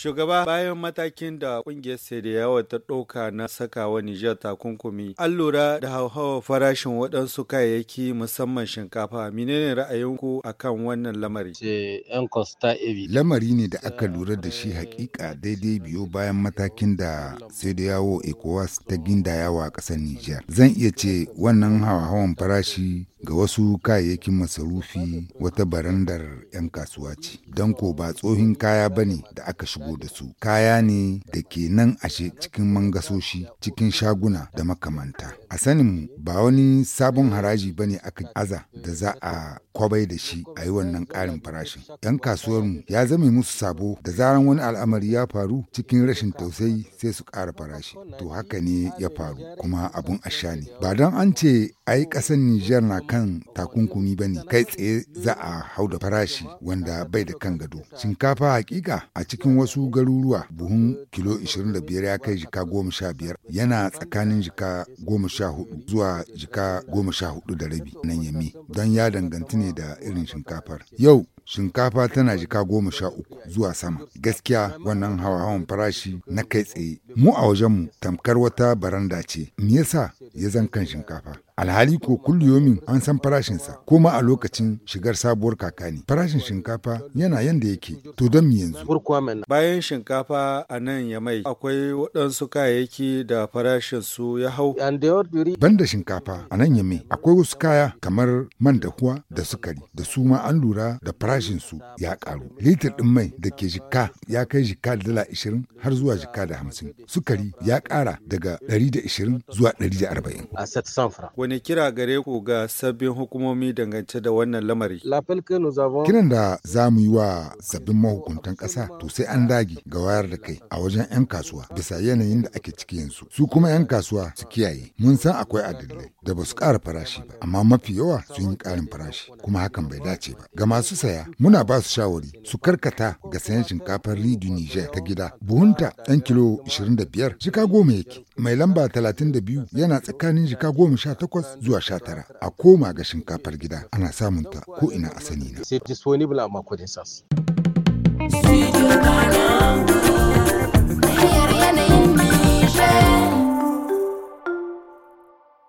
Shugaba bayan matakin da kungiyar Sediyawa ta ɗauka na sakawa Nijar takunkumi, an lura da hauhawar farashin waɗansu kayayyaki musamman shinkafa. Menene ra'ayinku akan wannan lamari? Lamari ne da aka lura da shi hakika daidai biyo bayan matakin da Sediyawo ECOWAS ta gindayawa ƙasar Nijar. Zan iya ce wannan hauhawan farashi ga wasu kayayyakin masarufi wata barandar 'yan kasuwa ce don ko ba tsohin kaya ba ne da aka shigo da su kaya ne da ke nan ashe cikin mangasoshi cikin shaguna da makamanta A sanin mu, ba wani sabon haraji ba ne aka aza da za a kwabai da shi a yi wannan ƙarin farashin. 'Yan kasuwar mu ya zame musu sabo da zaran wani al'amari ya faru cikin rashin tausayi sai su ƙara farashi. To haka ne ya faru kuma abun asha ne. Ba don an ce a yi ƙasar Nijar na kan takunkumi ba ne kai tsaye za a hau da farashi wanda bai da kan gado. Shinkafa hakika a cikin wasu garuruwa buhun kilo 25 ya kai jika 15 yana tsakanin jika sha hudu zuwa jika goma sha hudu da rabi nan yami don ya danganci ne da irin shinkafar. Yau shinkafa tana jika goma sha uku zuwa sama. Gaskiya wannan hawa-hawan farashi na kai tsaye. Mu a wajenmu tamkar wata baranda ce. Me yasa ya zan kan shinkafa? alhali ko kulliyomin an san farashinsa kuma a lokacin shigar sabuwar kaka ne farashin shinkafa yana yanda yake to don mu yanzu bayan shinkafa a nan ya mai akwai waɗansu kayayyaki da farashin su ya hau banda shinkafa a nan ya mai akwai wasu kaya kamar man da huwa da sukari da su ma an lura da farashin su ya karu litir din mai da ke jikka ya kai jikka da dala ishirin har zuwa jikka da hamsin. sukari ya kara daga da ishirin zuwa ɗari da arba'in wani kira gare ku ga sabbin hukumomi dangance da wannan lamari? Kiran da za mu yi wa sabbin mahukuntan ƙasa to sai an dage ga wayar da kai a wajen 'yan kasuwa bisa yanayin da ake ciki yanzu. Su kuma 'yan kasuwa su kiyaye. Mun san akwai adalai da ba su ƙara farashi ba, amma mafi yawa sun yi ƙarin farashi kuma hakan bai dace ba. Ga masu saya muna ba su shawari su karkata ga sayan shinkafar Lidu Niger ta gida buhunta ɗan kilo 25 chicago goma yake mai lamba 32 yana tsakanin chicago goma sha takwas zuwa sha tara a koma ga shinkafar gida ana samunta ko ina a sani na.